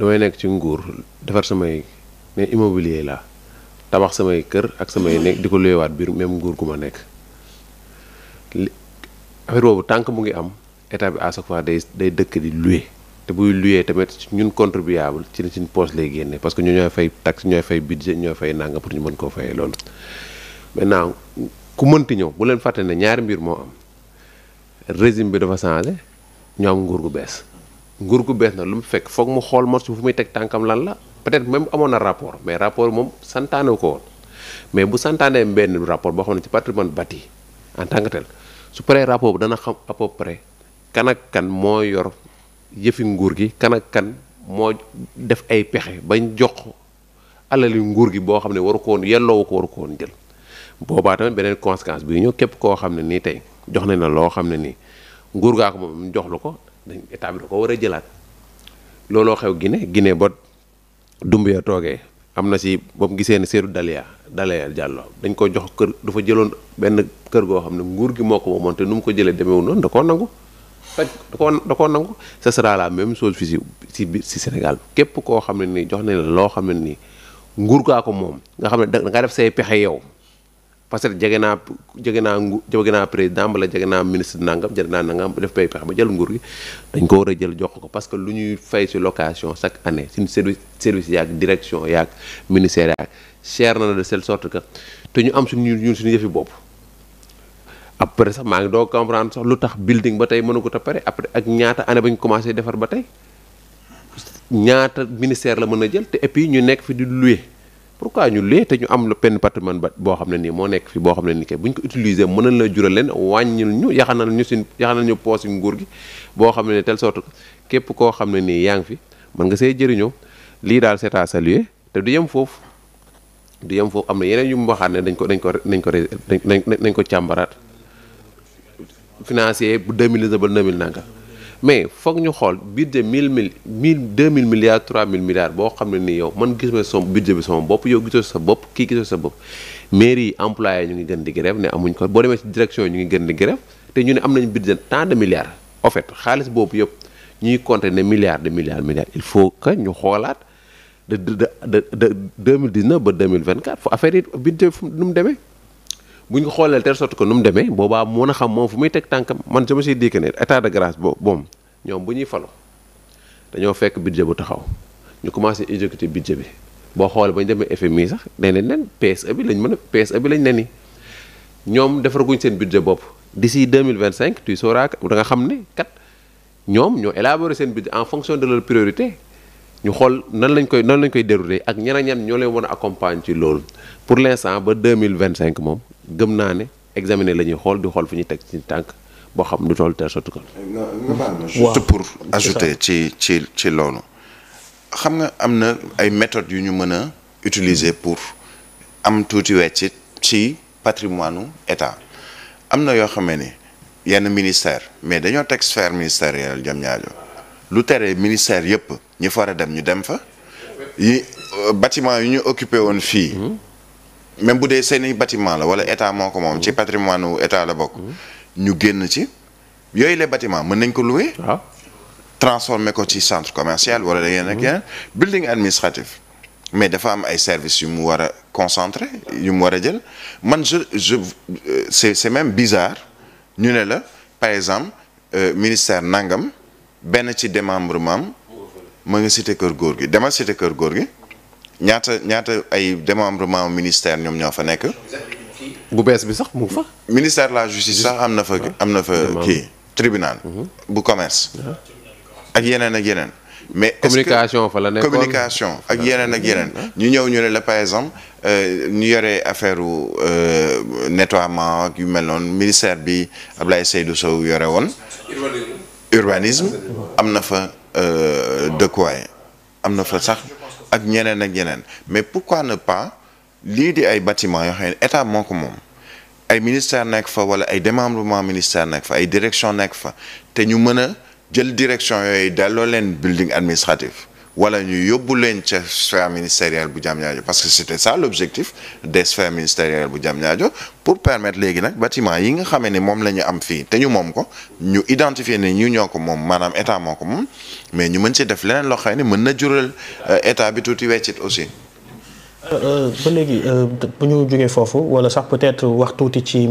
damay nekk ci nguur defar samay ne immobilier la tabax samay kër ak samay nekk di ko luyewaat biir même nguur ku ma nekk affaire boobu tànk mu ngi am état bi à chaque fois day day dëkk di luye te buy luye tamit ñun contribuable ci la suñ poche lay génne parce que ñu ñooy fay taxe ñooy fay budget ñooy fay nangam pour ñu mën koo fayee loolu naa ku mënti ñëw buleen leen fàtte ne ñaari mbir moo am régime bi dafa changé ñoo am nguur gu bees nguur gu bees na lu mu fekk foog mu xool marché fu muy teg tànkam lan la peut-être même amoon na rapport mais rapport moom santaane ko woon mais bu santaanee benn rapport boo xam ne ci patrimoine bâti en tant que su paree rapport bi dana xam à peu près kan moo yor yëfi nguur gi kan kan moo def ay pexe bañ jox alali nguur gi boo xam ne waru ko woon yelloowu ko waru ko woon jël boobaa tamit beneen conséquence bii ñëw képp koo xam ne nii tey jox nañ la loo xam ne nii nguur gaa ko moom jox la ko dañ état bi da ko war a jëlaat looloo xew gine Guinée ba Doumbouya toogee am na si ba mu gisee ne Seydou Dalia Dalia Diallo dañ ko jox kër dafa jëloon benn kër goo xam ne nguur gi moo ko moomoon te nu mu ko jëlee demeewul noonu da koo nangu faj da koo da koo nangu ce sera la même chose fii si si si Sénégal képp koo xam ne nii jox nañ la loo xam ne nii nguur gaa ko moom nga xam ne da nga def say pexe yow parce que jege naa jege naa ngu jege naa président wala jege naa ministre nangam jege naa nangam def pay pexe ba jël nguur gi dañ ko war a jël jox ko parce que lu ñuy fay si location chaque année suñu service service yaag direction yaag ministère yaag cher na de telle sorte que te ñu am suñu ñun suñu yëfi bopp. après sax maa ngi doo comprendre sax lu tax building ba tey mënu ko ta pare après ak ñaata année ba ñu commencé defar ba tey ñaata ministère la mën a jël te et ñu nekk fi di louer. pourquoi ñu lee te ñu am benn patrimoine ba boo xam ne nii moo nekk fi boo xam ne nii kay bu ñu ko mën na la jural leen wàññil ñu yaxanal ñu suñ yaxanal ñu poos yu nguur gi boo xam ne nii telle sorte képp koo xam ne nii yaa ngi fi mën nga see jëriñoo lii daal c'est à saluer te du yem foofu du yem foofu am na yeneen yu mu ne dañ ko dañ ko dañ ko dañ ko càmbaraat financier bu 2000 ba 2000 nanga mais foog ñu xool budget mille mille mille deux mille milliards trois mille milliards boo xam ne ni yow man gis ma sama budget bi sama bopp yow gisoo sa bopp kii gisoo sa bopp mairie yi employé ñu ngi gën di grève ne amuñ ko boo demee ci direction yi ñu ngi gën di grève te ñu ne am nañ budget tant de milliards en xaalis boobu yëpp ñuy compter ne milliards de milliards milliards il faut que ñu xoolaat de de de de 2019 ba 2024 fu affaire yi budget fu nu mu demee buñ ñu ko xoolee telle sorte que nu mu demee boobaa mu mën a xam moom fu muy teg tànkam man je me suis dit ne état de grâce bo boom ñoom bu ñuy falu dañoo fekk budget bu taxaw ñu commencé exécuter budget bi boo xoolee bañ ñu demee FMI sax nee nañ leen PSE bi lañ mën a PSE bi lañ ne ni ñoom defaraguñ seen budget bopp d'ici deux mille tu sauras da nga xam ne kat ñoom ñoo élaborer seen budget en fonction de leur priorité ñu xool nan lañ koy nan lañ koy dérouler ak ñeneen ñan ñoo leen mën a accompagner ci loolu pour l'instant ba 2025 mille moom. gëm naa ne examiner la ñuy xool di xool fu ñuy teg ci tànk boo xam du toll telle sorte que. juste pour ajouter ci ci ci loolu. xam nga am na ay méthodes yu ñu mën a utiliser pour am tuuti weccit ci patrimoine état am na yoo xamee ni yenn ministère mais dañoo teg sphère ministérielle jam ñaajo lu tere ministère yëpp ñi fa dem ñu dem fa yi euh, bâtiment yu ñu occupé woon fii mhm. même si c'est un bâtiment ou wala état patrimoine état les bâtiments louer transformer centre commercial wala mmh. building administratif mais dafa am ay services yu concentré je je euh, c'est même bizarre nous, par exemple euh, ministère nangam ben ci démembrement ma cité ñaata ñaata ay démembrement ministère ñom ñofa nek bu bees bi sax mu fa. ministère de la justice sax amna fa amna fa kii tribunal. Mhm. bu commerce. ak yenen ak yenen mais communication fa la nek communication ak yenen ak yenen ñu ñew ñu ne la par exemple euh, ñu yoré affaire euh, nettoiement ak yu mel noonu ministère bi Ablaye Seydou Sow yoré won urbanisme amna fa euh de quoi, amna fa sax mais pourquoi ne pas lier di bâtiments bâtiment yoo xam ne état moo ko ay ministère nekk fa wala ay démembrement ministère nekk fa direction nekk fa te ñu mën direction yooyu delloo building administratif wala ñu yóbbu leen ca sphère ministérielle bu Diamniadio parce que c'était ça l'objectif des sphères ministérielles bu Diamniadio pour permettre léegi nak bâtiment yi nga xamé né mom lañu am fi té ñu mom ko ñu identifier né ñu ñoko mom manam état moko mom mais ñu mën ci def lénen lo xéne ne mën na jural euh, état bi tuuti wéccit aussi euh, euh ba légui euh bu ñu jógee fofu wala sax peut-être wax tuuti ci